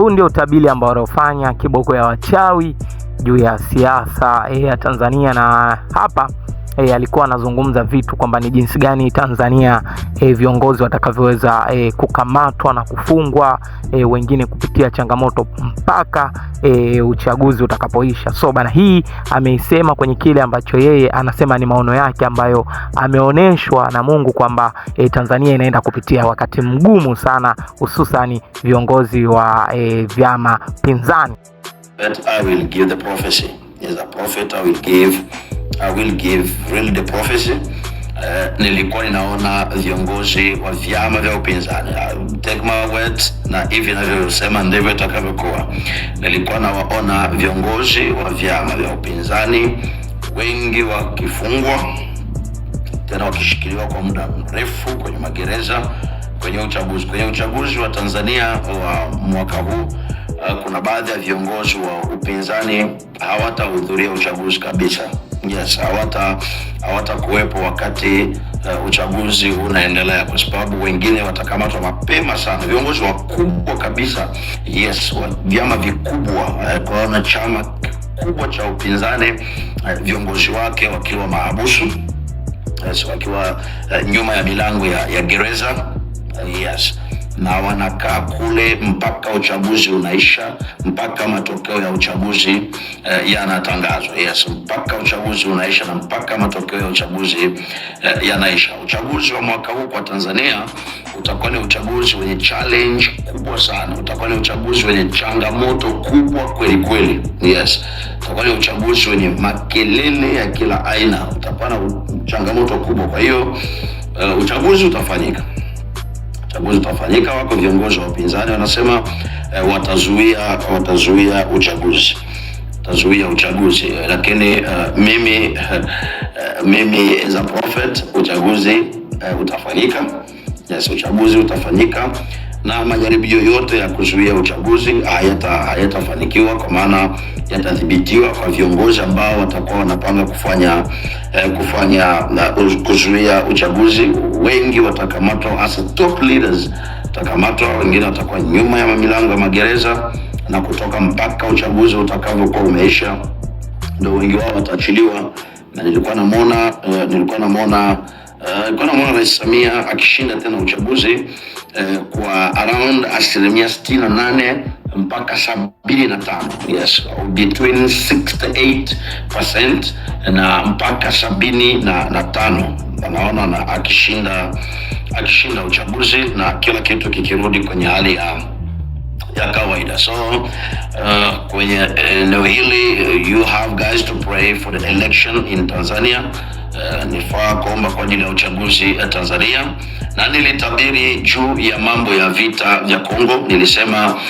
Huu ndio utabiri ambao wanaofanya kiboko ya wachawi juu ya siasa eh, ya Tanzania, na hapa e, alikuwa anazungumza vitu kwamba ni jinsi gani Tanzania e, viongozi watakavyoweza e, kukamatwa na kufungwa e, wengine kupitia changamoto mpaka e, uchaguzi utakapoisha. So bana, hii ameisema kwenye kile ambacho yeye anasema ni maono yake ambayo ameoneshwa na Mungu kwamba e, Tanzania inaenda kupitia wakati mgumu sana, hususani viongozi wa e, vyama pinzani. I will give really the prophecy. Uh, nilikuwa ninaona viongozi wa vyama vya upinzani take my words, na hivi navyosema ndivyo itakavyokuwa. Nilikuwa nawaona viongozi wa vyama vya upinzani wengi wakifungwa tena wakishikiliwa kwa muda mrefu kwenye magereza kwenye uchaguzi kwenye uchaguzi wa Tanzania wa mwaka huu. Uh, kuna baadhi ya viongozi wa upinzani hawatahudhuria uchaguzi kabisa yes, hawata hawatakuwepo wakati uh, uchaguzi unaendelea, kwa sababu wengine watakamatwa mapema sana. Viongozi wakubwa kabisa, yes, wa vyama vikubwa uh, kwa na chama kikubwa cha upinzani uh, viongozi wake wakiwa mahabusu yes, wakiwa uh, nyuma ya milango ya, ya gereza uh, yes na wanakaa kule mpaka uchaguzi unaisha, mpaka matokeo ya uchaguzi uh, yanatangazwa. Yes, mpaka uchaguzi unaisha na mpaka matokeo ya uchaguzi uh, yanaisha. Uchaguzi wa mwaka huu kwa Tanzania utakuwa ni uchaguzi wenye challenge kubwa sana, utakuwa ni uchaguzi wenye changamoto kubwa kweli kweli. Yes, utakuwa ni uchaguzi wenye makelele ya kila aina, utapata na changamoto kubwa. Kwa hiyo uh, uchaguzi utafanyika chaguzi zitafanyika, wako viongozi wa upinzani wanasema eh, watazuia watazuia uchaguzi tazuia uchaguzi lakini uh, mimi uh, mimi as a prophet uchaguzi uh, utafanyika. Yes, uchaguzi utafanyika na majaribio yote ya kuzuia uchaguzi hayatafanikiwa hayata, kwa maana yatadhibitiwa kwa viongozi ambao watakuwa wanapanga kufanya eh, kufanya kuzuia uchaguzi. Wengi watakamatwa, hasa top leaders watakamatwa, wengine watakuwa nyuma ya milango ya magereza na kutoka mpaka uchaguzi utakavyokuwa umeisha, ndio wengi wao wataachiliwa. Na nilikuwa namwona eh, nilikuwa namwona uh, nilikuwa namwona Rais Samia akishinda tena uchaguzi eh, kwa around asilimia 68 mpaka 75, yes, between 68% na mpaka 75. Anaona na akishinda akishinda uchaguzi na kila kitu kikirudi kwenye hali ya ya kawaida. So uh, kwenye eneo eh, hili eh, you have guys to pray for the election in Tanzania. Uh, nifaa kuomba kwa ajili ya uchaguzi ya Tanzania, na nilitabiri juu ya mambo ya vita vya Kongo. Nilisema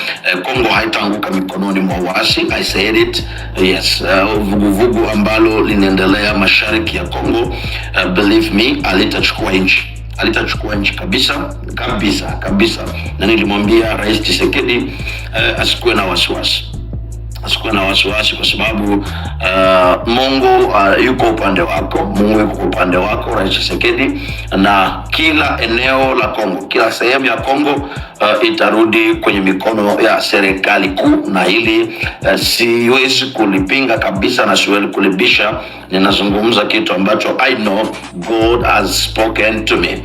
Kongo haitaanguka mikononi mwa waasi. I said it, yes. Vuguvugu uh, ambalo linaendelea mashariki ya Kongo uh, believe me, alitachukua nchi alitachukua nchi kabisa kabisa kabisa, na nilimwambia Rais Tshisekedi uh, asikuwe na wasiwasi asikuwe na wasiwasi kwa sababu uh, Mungu uh, yuko upande wako. Mungu yuko upande wako Rais Tshisekedi, na kila eneo la Kongo, kila sehemu ya Kongo uh, itarudi kwenye mikono ya serikali kuu, na hili uh, siwezi kulipinga kabisa na siwezi kulibisha. Ninazungumza kitu ambacho I know God has spoken to me,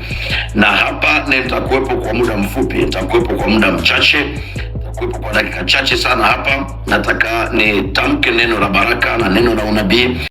na hapa nitakuwepo kwa muda mfupi, nitakuwepo kwa muda mchache kuwepo kwa dakika chache sana hapa, nataka nitamke neno la baraka na neno la unabii.